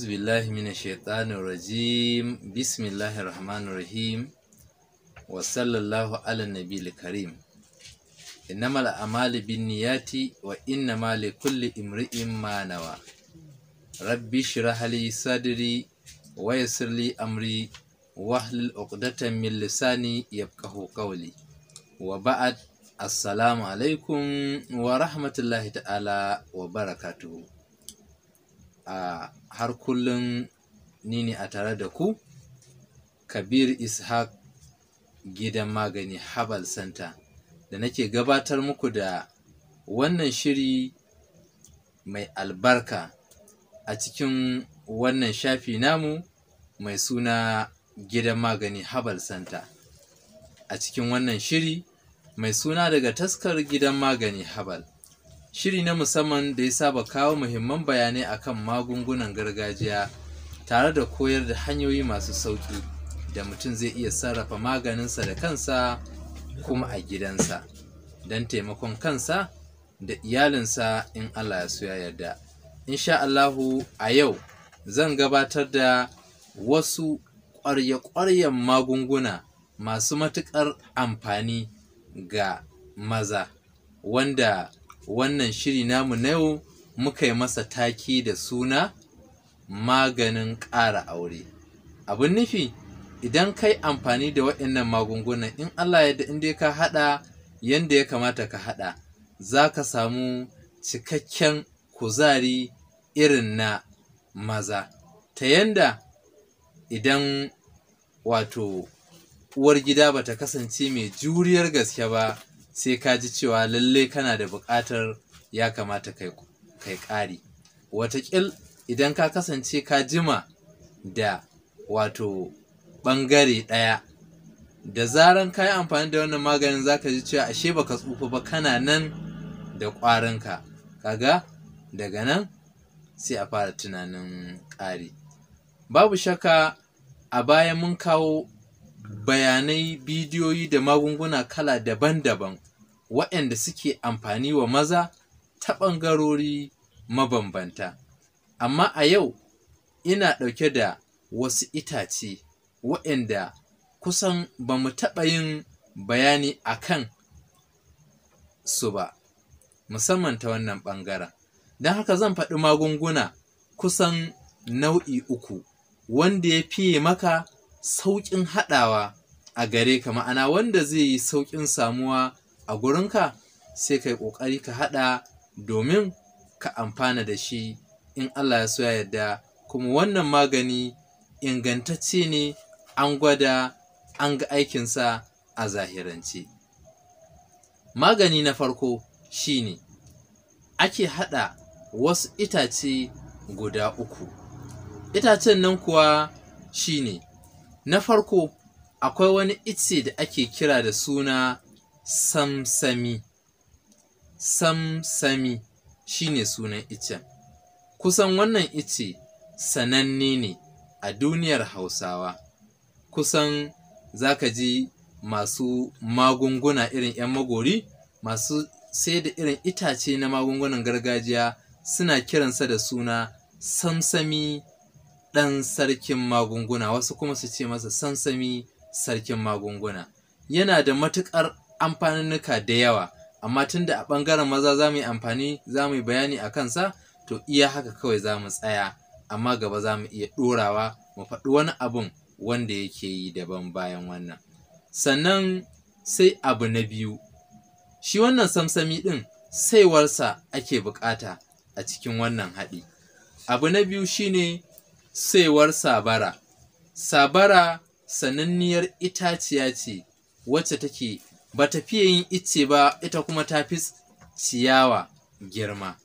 أعوذ بالله من الشيطان الرجيم بسم الله الرحمن الرحيم وصلى الله على النبي الكريم إنما الأعمال بالنيات وإنما لكل امرئ ما نوى ربي اشرح لي صدري ويسر لي أمري واحلل عقدة من لساني يفقه قولي وبعد السلام عليكم ورحمة الله تعالى وبركاته a har kullum ni ne a tare da ku kabir ishaq gidan magani habal center da nake gabatar muku da wannan shiri mai albarka a cikin wannan shafi namu mai suna gidan magani habal center a cikin wannan shiri mai suna daga taskar gidan magani habal shiri na musamman da ya saba kawo muhimman bayanai akan magungunan gargajiya tare da koyar da hanyoyi masu sauƙi da mutum zai iya sarrafa maganinsa da kansa kuma a gidansa don taimakon kansa da iyalinsa in Allah ya so ya yarda. Insha Allahu a yau zan gabatar da wasu ƙwarya-ƙwaryan magunguna masu matuƙar amfani ga maza wanda wannan shiri namu na yau muka yi masa taki da suna maganin ƙara aure abin nufi idan kai amfani da waɗannan magungunan in Allah ya da inda ka haɗa yanda ya kamata ka haɗa za ka samu cikakken kuzari irin na maza ta yanda idan wato uwar gida ba kasance mai juriyar gaske ba sai ka ji cewa lalle kana da buƙatar ya kamata kai ƙari watakil idan ka kasance ka jima da wato ɓangare ɗaya da zaran ka yi amfani da wannan maganin za ka ji cewa ashe ba ka tsufa ba kana nan da ƙwarinka kaga daga nan sai a fara tunanin ƙari babu shaka a baya mun kawo bayanai bidiyoyi da magunguna kala daban-daban waɗanda suke amfani wa maza ta ɓangarori mabambanta amma a yau ina ɗauke da wasu itace waɗanda kusan ba mu taɓa yin bayani a kan su ba musamman ta wannan ɓangaren don haka zan faɗi magunguna kusan nau'i uku wanda ya fiye maka sauƙin haɗawa a gare ka ma'ana wanda zai yi sauƙin samuwa a gurinka sai ka yi ƙoƙari ka haɗa domin ka amfana da shi in Allah ya so ya yarda kuma wannan magani ingantacce ne an gwada an ga aikinsa a zahirance magani na farko shine ake haɗa wasu itace guda uku itacen nan kuwa shine Na farko, akwai wani ice da ake kira da suna samsami. Samsami shi ne sunan icen. Kusan wannan ice sananne ne a duniyar Hausawa. Kusan za ka ji masu magunguna irin 'yan magori, masu sai da irin itace na magungunan gargajiya suna kiransa da suna samsami ɗan sarkin magunguna wasu kuma su ce masa sansami sarkin magunguna yana da matuƙar amfaninnuka da yawa amma tunda a ɓangaren maza za mu yi amfani za mu yi bayani a kansa to iya haka kawai za mu tsaya amma gaba za mu iya ɗorawa mu faɗi wani abun wanda yake yi daban bayan wannan sannan sai abu na biyu shi wannan samsami ɗin saiwarsa ake buƙata a cikin wannan haɗi abu na biyu shine saiwar sabara sabara sananniyar itaciya ce wacce take ba ta fiye yin icce ba ita kuma ta fi ciyawa girma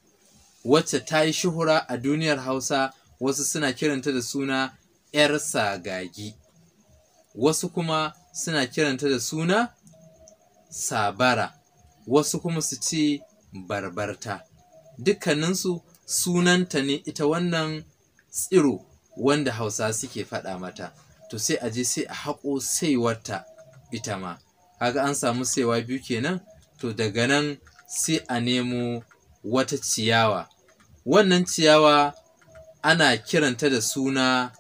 wacce ta yi shuhura a duniyar hausa wasu suna kiranta da suna 'yar sagagi wasu kuma suna kiranta da suna sabara wasu kuma su ce barbarta dukkaninsu sunanta ne ita wannan tsiro wanda hausa suke faɗa mata to sai a je sai a haƙo saiwarta ita ma kaga an samu saiwa biyu kenan to daga nan sai a nemo wata ciyawa wannan ciyawa ana kiranta da suna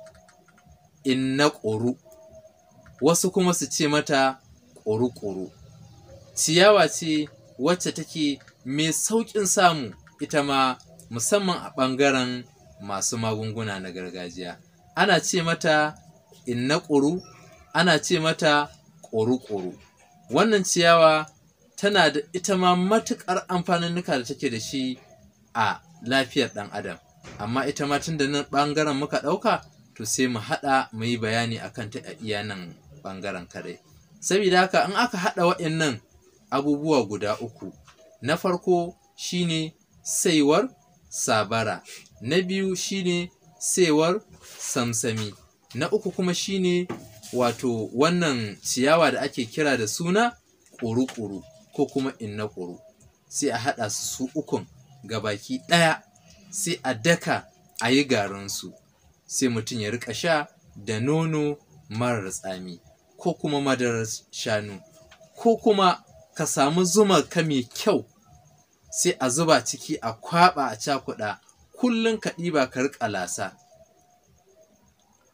inna ƙoru wasu kuma su ce mata ƙoru-ƙoru ciyawa ce wacce take mai sauƙin samu ita ma musamman a ɓangaren masu magunguna na gargajiya ana ce mata inna ƙuru ana ce mata ƙuru-ƙuru wannan ciyawa tana da ita ma matuƙar amfaninnuka da take da shi a lafiyar ɗan adam amma ita ma tun da nan ɓangaren muka ɗauka to sai mu haɗa mu yi bayani a kan a iya nan ɓangaren kare. saboda haka in aka haɗa waɗannan abubuwa guda uku na farko shine saiwar sabara na biyu shine sewar samsami na uku kuma shine wato wannan ciyawa da ake kira da suna 'Kuru-kuru' ko kuma inna kuru'. sai a haɗa su su ukun baki ɗaya sai a daka a yi garinsu sai mutum ya riƙa sha da nono marar tsami ko kuma madarar shanu ko kuma ka samu zuma ka mai kyau sai a zuba ciki a kwaɓa a cakuɗa kullum ka ɗiba ka riƙa lasa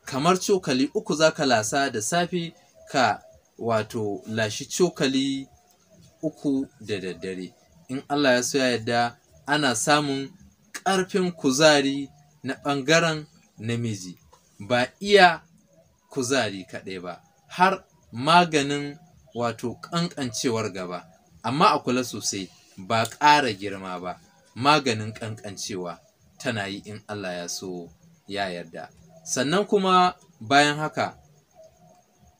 kamar cokali uku za ka lasa da safe ka wato lashi cokali uku da daddare in Allah ya soya yadda ana samun ƙarfin kuzari na ɓangaren namiji ba iya kuzari kaɗai ba har maganin wato ƙanƙancewar gaba amma a kula sosai ba ƙara girma ba maganin ƙanƙancewa tana yi in Allah ya so ya yarda sannan kuma bayan haka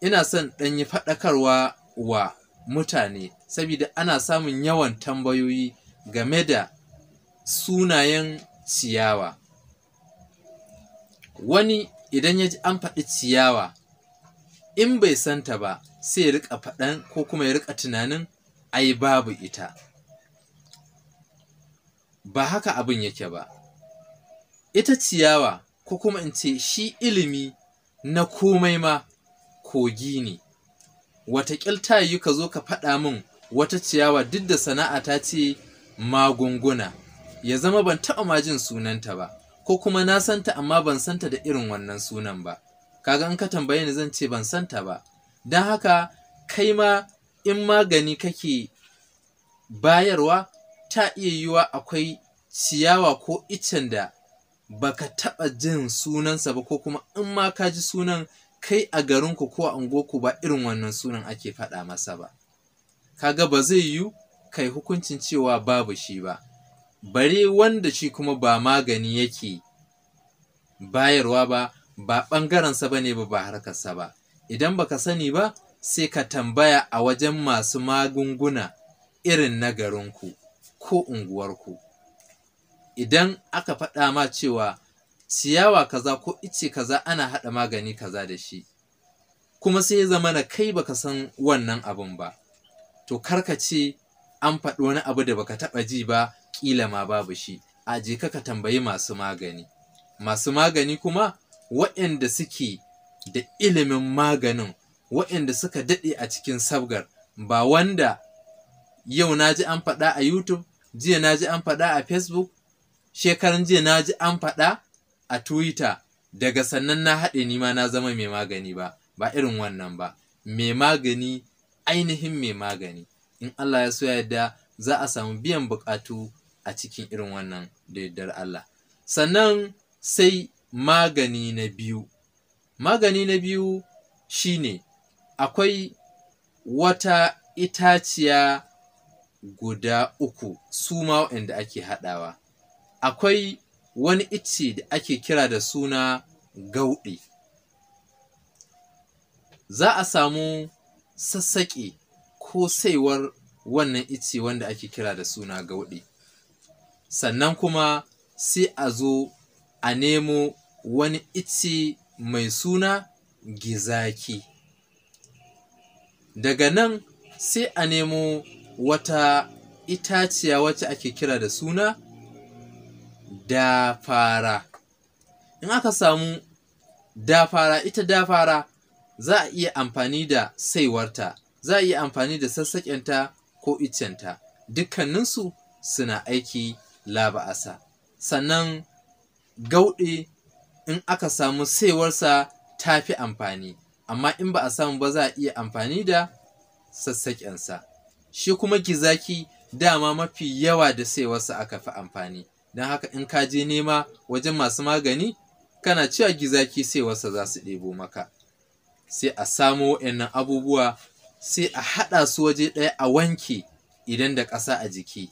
ina son ɗan yi faɗakarwa wa mutane saboda ana samun yawan tambayoyi game da sunayen ciyawa wani idan ya ji an faɗi ciyawa in bai santa ba sai ya riƙa faɗan ko kuma ya riƙa tunanin ai babu ita ba haka abin yake ba ita ciyawa ko kuma in ce shi ilimi na komai ma kogi ne wata ta yi ka zo ka faɗa min wata ciyawa duk da sana'a ta ce magunguna ya zama ban taɓa ma jin sunanta ba ko kuma na santa amma ban santa da irin wannan sunan ba kaga in ka tambaye ni zan ce ban santa ba don haka kai ma in magani kake bayarwa ta iya yiwuwa akwai ciyawa ko iccen da baka taɓa jin sunansa ba ko kuma in ma ka ji sunan kai a garinku ko a unguwarku ba irin wannan sunan ake faɗa masa ba kaga ba zai yiwu kai hukuncin cewa babu shi ba bare wanda shi kuma ba magani yake bayarwa ba ba ɓangarensa ba ne ba ba harkarsa ba idan baka sani ba sai ka tambaya a wajen masu magunguna irin na garinku ko unguwarku idan aka faɗa ma cewa ciyawa kaza ko ice kaza ana haɗa magani kaza da shi kuma sai ya zama na kai baka san wannan abun ba to karka ce an faɗi wani abu da baka taɓa ji ba ƙila ma babu shi a je ka tambayi masu magani masu magani kuma waɗanda suke da ilimin maganin waɗanda suka daɗe a cikin sabgar ba wanda yau na ji an faɗa a youtube jiya na ji an faɗa a facebook shekaran jiya na ji an faɗa a twitter daga sannan na haɗe nima na zama mai magani ba ba irin wannan ba mai magani ainihin mai magani in Allah ya so yadda za a samu biyan buƙatu a cikin irin wannan da daidar Allah sannan sai magani na biyu magani na biyu shine akwai wata itaciya guda uku su ma waɗanda ake haɗawa akwai wani icce da ake kira da suna gauɗe. Za a samu sassaƙe ko saiwar wannan icce wanda ake kira da suna gauɗe. Sannan kuma sai a zo a nemo wani icce mai suna gizaki. Daga nan sai a nemo wata itaciya wacce ake kira da suna da fara in aka samu da fara ita da fara za a iya amfani da saiwarta za a iya amfani da sassaƙenta ko icenta dukkaninsu suna aiki laba'asa sannan gauɗe in aka samu saiwarsa ta fi amfani amma in ba a samu ba za a iya amfani da sassaƙensa shi kuma gizaki dama mafi yawa da saiwarsa aka fi amfani don haka in ka je nema wajen masu magani kana cewa gizaki sai wasa za su ɗebo maka sai a samo wa'annan abubuwa sai a haɗa su waje ɗaya a wanke idan da ƙasa a jiki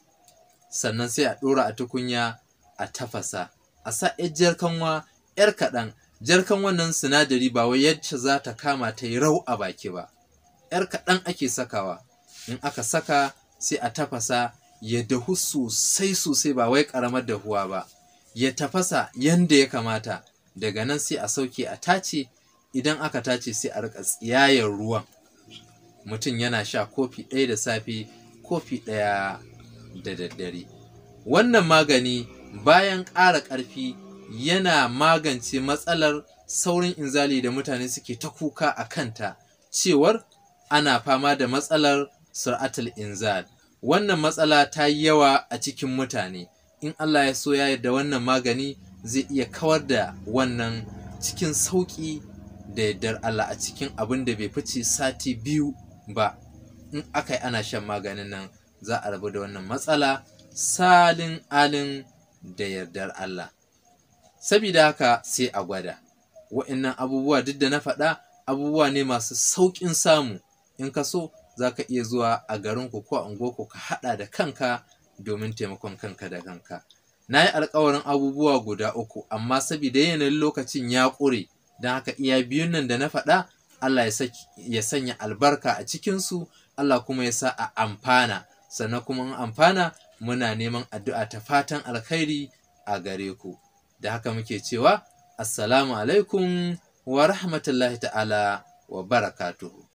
sannan sai a ɗora a tukunya a tafasa a sa 'yar jarkanwa 'yar kaɗan jarkan wannan sinadari ba wai yadda za ta kama ta yi rau a baki ba ‘yar kaɗan ake sakawa in aka saka sai a tafasa ya dahu sosai sosai ba wai ƙaramar dahuwa ba ya tafasa yanda ya kamata daga nan sai a sauke a tace idan aka tace sai a rika tsiyayen ruwan mutum yana sha kofi ɗaya da safe kofi ɗaya da daddare wannan magani bayan ƙara ƙarfi yana magance matsalar saurin inzali da mutane suke ta kuka a kanta cewar ana fama da matsalar sur'atul inzal wannan matsala ta yi yawa a cikin mutane in Allah ya so ya yarda wannan magani zai iya kawar da wannan cikin sauƙi da yardar Allah a cikin abin da bai fice sati biyu ba in aka yi ana shan maganin nan za a rabu da wannan matsala salin alin da yardar Allah saboda haka sai a gwada wa'annan abubuwa duk da na faɗa abubuwa ne masu sauƙin samu in ka so za ka iya zuwa a garinku ko a unguwarku ka haɗa da kanka domin taimakon kanka da kanka na yi alkawarin abubuwa guda uku amma saboda yanayin lokacin ya ƙure don haka iya biyun nan da na faɗa Allah ya sanya albarka a cikinsu Allah kuma ya sa a amfana sannan kuma in amfana muna neman addu'a ta fatan alkhairi a gare ku da haka muke cewa assalamu alaikum wa rahmatullahi ta'ala wa barakatuhu